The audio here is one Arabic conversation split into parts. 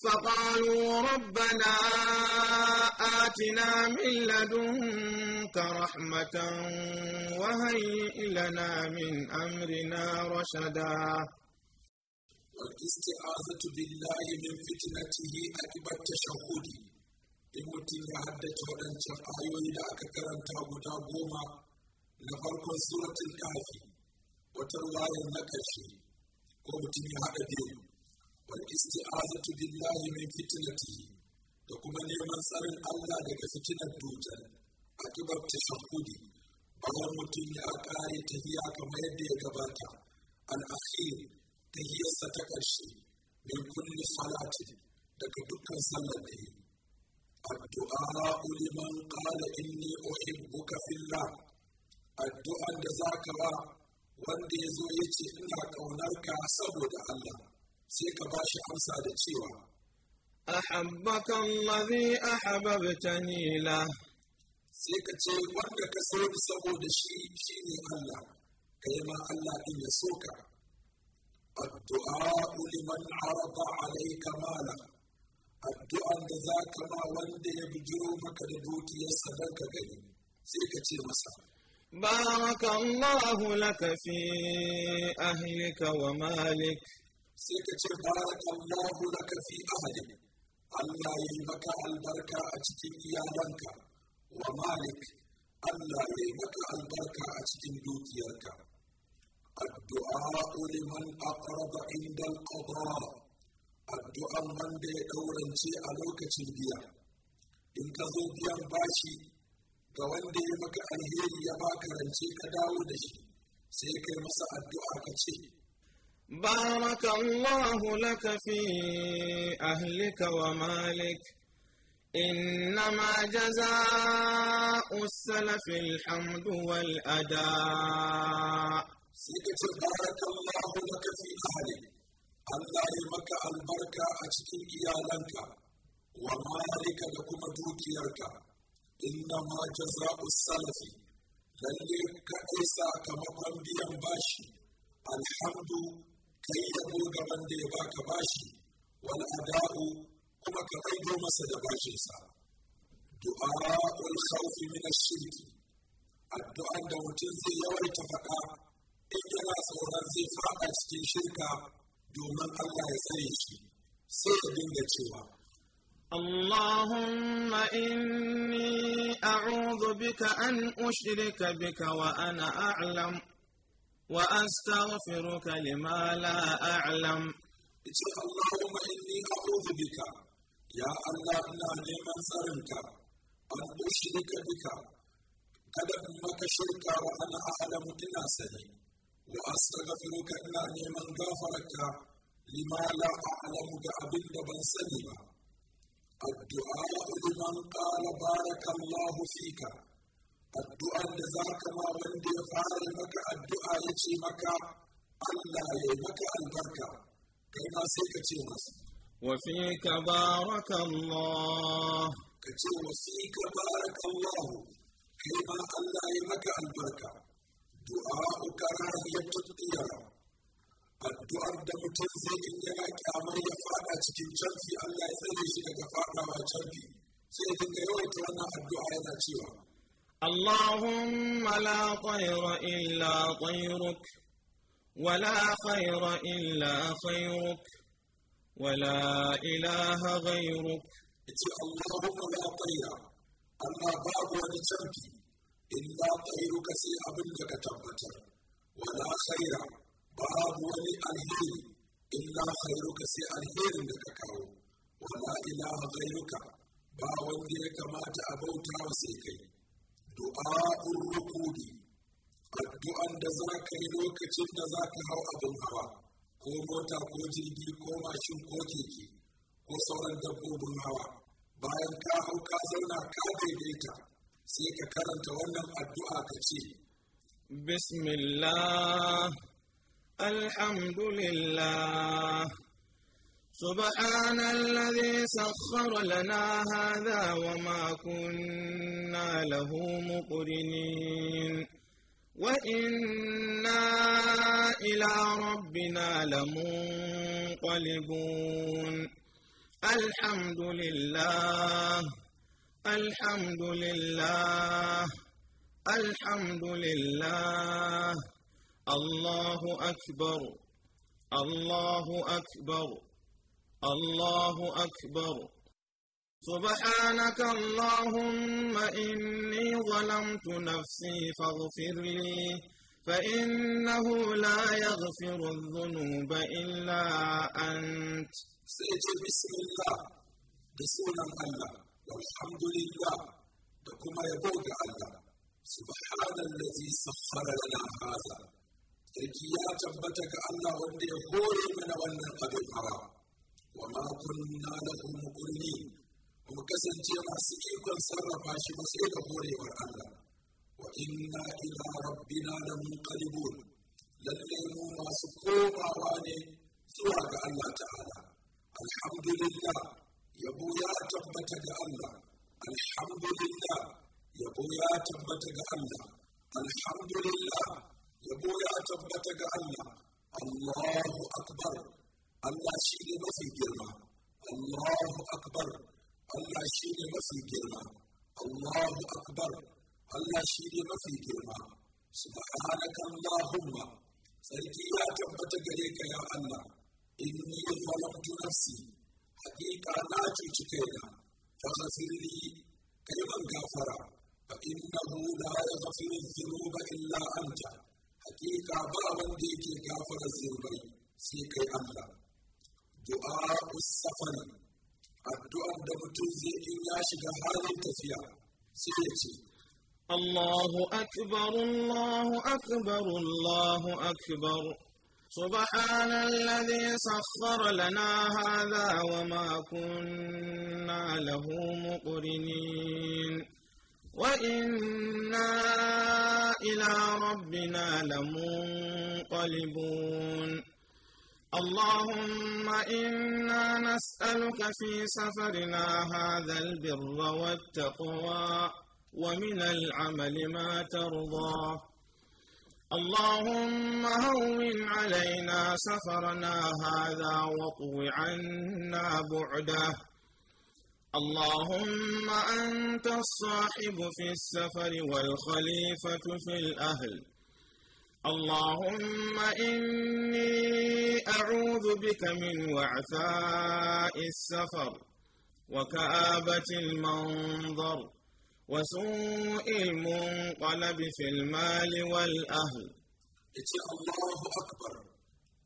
فقالوا ربنا آتنا من لدنك رحمة وهيئ لنا من أمرنا رشدا والاستعاذة بالله من فتنته أكبر تشهدي إموتي لحد ولن شقايو إلى أكترن تابو تابوما لفرق سورة الكافي وتروى النكشي قومتي لحد ديوم والاستعاذة بالله من فتنته تكما نيمان سرن الله لك فتنة دوجل أكبر تشهدي bayan mutum ya ƙare tahiya kamar yadda ya gabata al'akhir tahiyarsa ta ƙarshe min kulli salatin daga dukkan sallar da yi addu'a liman qala inni uhibbuka fillah addu'an da zaka ba wanda yazo yace ina ƙaunarka saboda Allah sai ka ba shi amsa da cewa أحبك الذي أحببتني له sai ka ce wanda ka so ni saboda shi shi ne Allah kai ma Allah din ya so ka addu'a liman arada alayka mala addu'an da za ka wanda ya bijiro maka da dukiyarsa don ka sai ka ce masa بارك الله لك في أهلك ومالك sai ka ce barakallahu laka fi ahadin Allah ya yi maka albarka a cikin iyalanka wa malik Allah ya yi maka albarka a cikin dukiyarka addu'a liman aqrada inda al-qada addu'an wanda ya daurance a lokacin biya in ka zo biyan bashi ga wanda ya maka alheri ya baka rance ka dawo da shi sai kai masa addu'a ka ce بارك الله لك في أهلك ومالك إنما جزاء السلف الحمد والأداء سيدك بارك الله لك في أهلك الله يمك البركة يا لنك ومالك لكم دوك يركى إنما جزاء السلف لليك إيسا كمقام بيان باشي الحمد kai yabo ga wanda ya baka bashi wal ada'u kuma ka maido masa da bashinsa du'a'ul khawfi min ash-shirki addu'an da mutum zai yawaita faɗa in yana tsoron zai faɗa cikin shirka domin Allah ya tsare shi sai ya dinga cewa اللهم إني أعوذ بك أن أشرك بك وأنا أعلم واستغفرك لما لا اعلم اللهم اني اعوذ بك يا الله نعم انا من سرمك ان اشرك بك قد امك شركا وانا اعلم تناسه واستغفرك انني من غفرك لما لا اعلم بابن بن سلمه الدعاء لمن قال بارك الله فيك addu'ar da za ka ma wanda ya fara maka addu'a ya ce maka Allah ya maka albarka kai ma sai ka ce masa وفيك بارك الله كتير وفيك بارك الله كما الله يمك البركة دعاء كراهية الطيرة الدعاء دم تنزل إنما كامر يفعل أتكين جنفي الله يسلي شنك فعل وجنفي سيدنا يويت وانا الدعاء نتيوه اللهم لا طير إلا طيرك ولا خير إلا خيرك ولا إله غيرك اللهم لا طير أما باب ونتمكي إلا طيرك في أبنك تبتر ولا خير باب ولأنهير إلا خيرك في أنهير لك كاو ولا إله غيرك ba wanda ما تأبوت وسيكي du'a rukudi addu'an da za ka yi lokacin da za ka hau abin hawa ko mota ko jirgi ko mashin ko keke ko sauran dabbobin hawa bayan ka hau ka zauna ka daidaita sai ka karanta wannan addu'a ka ce bismillah alhamdulillah سبحان الذي سخر لنا هذا وما كنا له مقرنين وإنا إلى ربنا لمنقلبون الحمد لله الحمد لله الحمد لله الله أكبر الله أكبر الله أكبر سبحانك اللهم إني ظلمت نفسي فاغفر لي فإنه لا يغفر الذنوب إلا أنت سيجي بسم الله بسم الله والحمد لله لكما يبوك الله سبحان الذي سخر لنا هذا تركيا تبتك الله وندي هوري من ونن قد الحرام wa ma kunna lahu muqrinin mu kasance masu ikon sarrafa shi ba sai da horewar Allah wa inna ila rabbina lamunqalibun lalle mu masu komawa ne zuwa ga Allah ta'ala alhamdulillah yabo ya tabbata ga Allah alhamdulillah yabo ya tabbata ga Allah alhamdulillah yabo ya tabbata ga Allah Allahu akbar Allah shi ne mafi girma Allahu akbar Allah shi ne mafi girma Allahu akbar Allah shi ne mafi girma subhanaka allahumma sarki ya tabbata gare ka ya Allah inni zalamtu nafsi hakika na cuci kaina faghfirli kai ban gafara fa innahu la yaghfiru dhunuba illa anta hakika ba wanda yake gafara zunubai sai kai Allah دعاء السفر الدعاء da mutum zai in ya shiga halin الله أكبر الله أكبر الله أكبر سبحان الذي سخر لنا هذا وما كنا له مقرنين وإنا إلى ربنا لمنقلبون اللهم إنا نسألك في سفرنا هذا البر والتقوى ومن العمل ما ترضى اللهم هون علينا سفرنا هذا واطو عنا بعده اللهم أنت الصاحب في السفر والخليفة في الأهل اللهم إني أعوذ بك من وعثاء السفر وكآبة المنظر وسوء المنقلب في المال والأهل إتي الله أكبر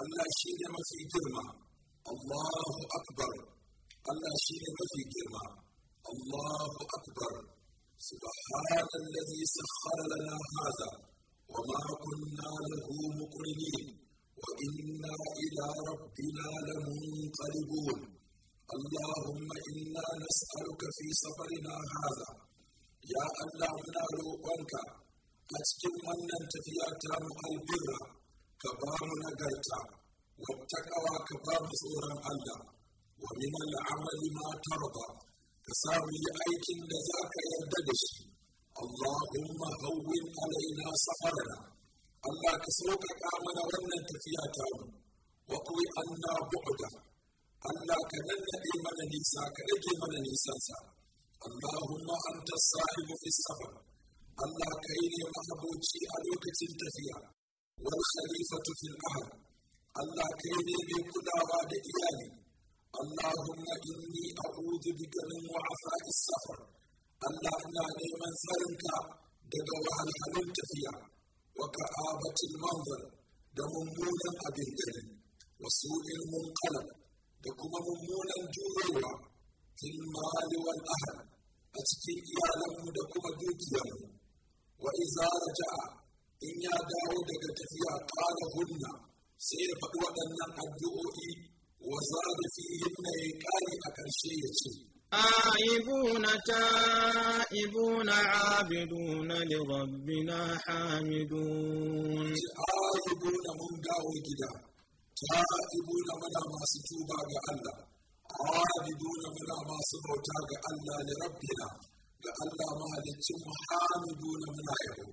ألا شيء ما في جرمة الله أكبر ألا شيء ما في جرمة الله أكبر سبحان الذي سخر لنا هذا وما كنا له مقرنين وإنا إلى ربنا لمنقلبون اللهم إنا نسألك في سفرنا هذا يا الله من روحك أتكن من ننتفي أتام البر كبار نقلت واتقوا كبام سورا الله ومن العمل ما ترضى تساوي أيك لذاك يلددش اللهم هون علينا سفرنا الله كسوك آمن ونن تفياتهم وقوي أنا بعدا الله كنن من نيسا كنجي من نيسا اللهم أنت الصاحب في السفر الله كيني محبوتي ألوكة تنتفيا والخليفة في الأهل الله كيني بكلا وعد إيالي اللهم إني أعوذ بك من وعفاء السفر Allah ina neman tsarinka daga wahalhalun tafiya wa ka'abatil manzar da mummunan abin gani wasu ilmun kalam da kuma mummunan jurewa fil mali wal ahal a cikin iyalanmu da kuma dukiyarmu wa iza raja'a in ya dawo daga tafiya kala hunna sai ya faɗi waɗannan addu'o'i wa zada fihi ya ƙari a ƙarshe ya ce آيبون تائبون عابدون لربنا حامدون آيبون من داو جدا تائبون من ما ستوبا الله عابدون من ما سبوتا الله لربنا لألا ما لتم حامدون من يهو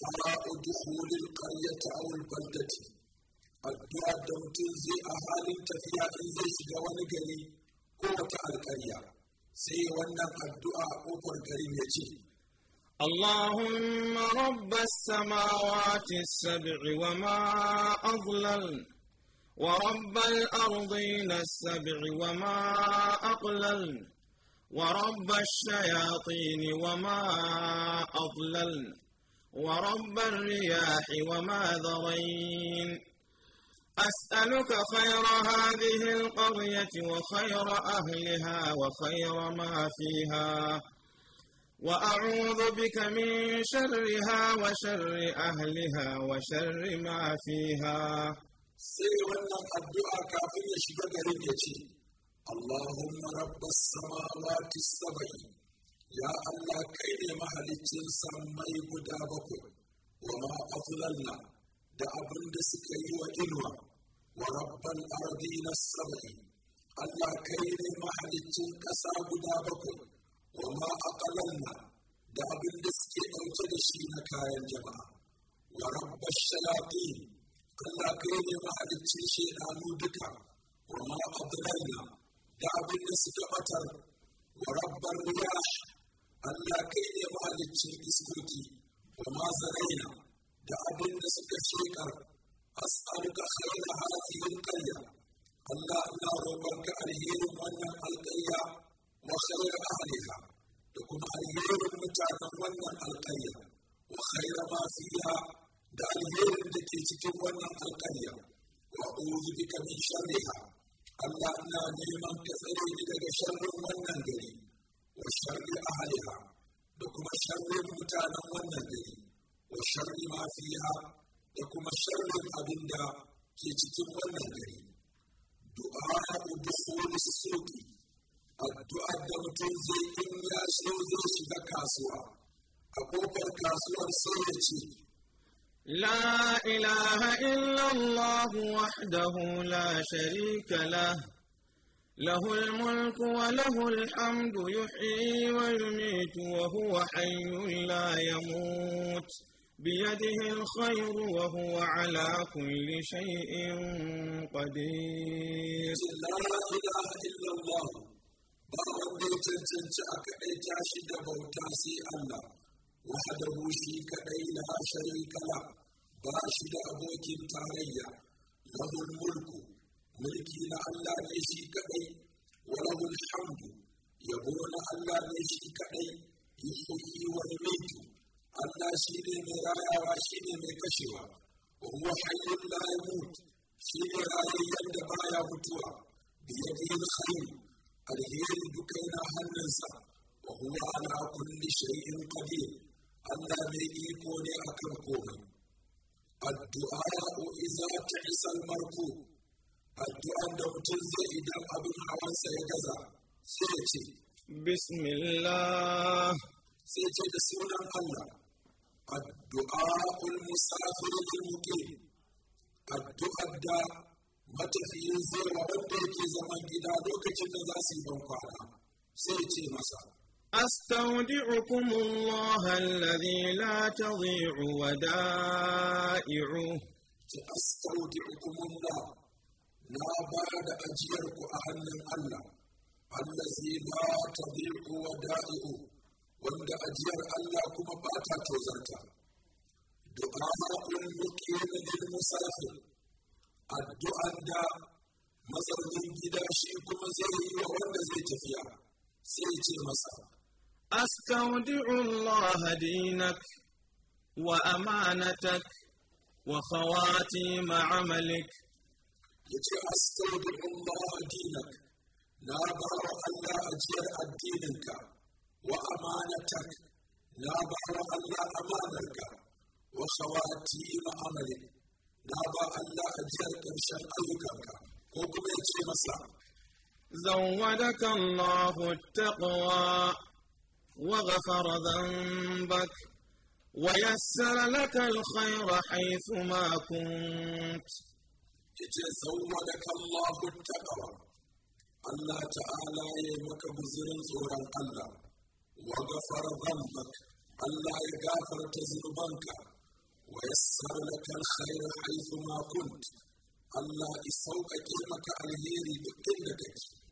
دعاء دخول القرية أو البلدة الدعاء دمتنزي أهالي تفيا إنزي شجوان قليل ko wata alƙarya sai wannan اللهم رب السماوات السبع وما أضلل ورب الأرضين السبع وما أقلل ورب الشياطين وما أضلل ورب الرياح وما ذرين أسألك خير هذه القرية وخير أهلها وخير ما فيها وأعوذ بك من شرها وشر أهلها وشر ما فيها سي الدعاء كافية يشجد رجتي اللهم رب السماوات السبع يا الله كيد مهلتين سمي قدابك وما أفضلنا da abin da suka yi wa inuwa wa rabban ardi na saba'i Allah kai ne mahaliccin ƙasa guda bakwai wa ma aqalanna da abin da suke ɗauke da shi na kayan jama'a wa rabban shayatin Allah kai ne mahaliccin shaidanu duka wa ma adlalna da abin da suka batar wa rabban riyah Allah kai ne mahaliccin iskoki wa ma zaraina da abin da suka shekar as'aluka khaira hadhihi alqarya Allah ina roƙonka alherin wannan alƙarya wa khaira ahliha da kuma alherin mutanen wannan alƙarya wa khaira ma fiha da alherin da ke cikin wannan alƙarya wa a'udhu bika min sharriha Allah ina neman ka tsare ni daga sharrin wannan gari wa sharri ahliha da kuma sharrin mutanen wannan gari وشر ما فيها يكون الشر الأبن دا كي تتم والنهرين دعاء دخول السوق الدعاء دمتن زي إن ياسو ذيش بكاسوا أبوك الكاسوا سيئتي لا إله إلا الله وحده لا شريك له له الملك وله الحمد يحيي ويميت وهو حي لا يموت بيده الخير وهو على كل شيء قدير لا إله إلا الله بارك بارد تنتن تأكد تاشد بوتاسي الله وحده شيك أي لا شريك له باشد أبوك تاريا له الملك ملكي لألا ليشيك أي وله الحمد يبون ألا ليشيك أي يحيي ويميت Allah shi ne mai rayawa shi ne mai kashewa wa huwa hayyun la yamut shi ne rayayyen da baya mutuwa bi yadil khayr alheri duka yana hannunsa wa huwa ala kulli shay'in qadir Allah mai iko ne akan komai الدعاء إذا تعس المركوب الدعاء da mutum zai idan abin hawansa ya gaza sai ya ce bismillah sai ce da sunan Allah الدعاء المسافر المقيم الدعاء matafiyin zarwa wanda yake zaman gida lokacin da za su yi ban أستودعكم الله الذي لا تضيع ودائعه أستودعكم الله لا بعد أجيرك أهل الله الذي لا تضيع ودائعه wanda ajiyar Allah kuma ba ta tozarta du'a'un muqimin lil musafir addu'an da mazaunin gida shi kuma zai yi wa wanda zai tafiya sai ce masa أستودع الله دينك وأمانتك وخواتيم عملك يجي أستودع الله دينك لا بار ألا أجير الدينك وأمانتك لا بار ألا أمانك وخواتيم عملك لا بار ألا أجرك بشر أيكك وكما يجي مسا زودك الله التقوى وغفر ذنبك ويسر لك الخير حيث ما كنت زودك الله التقوى الله تعالى يمك بزر صورا الله وغفر ذنبك ألا يغافر تذنبانك ويسر لك الخير حيثما كنت ألا يسوقك مك الهيري بقلتك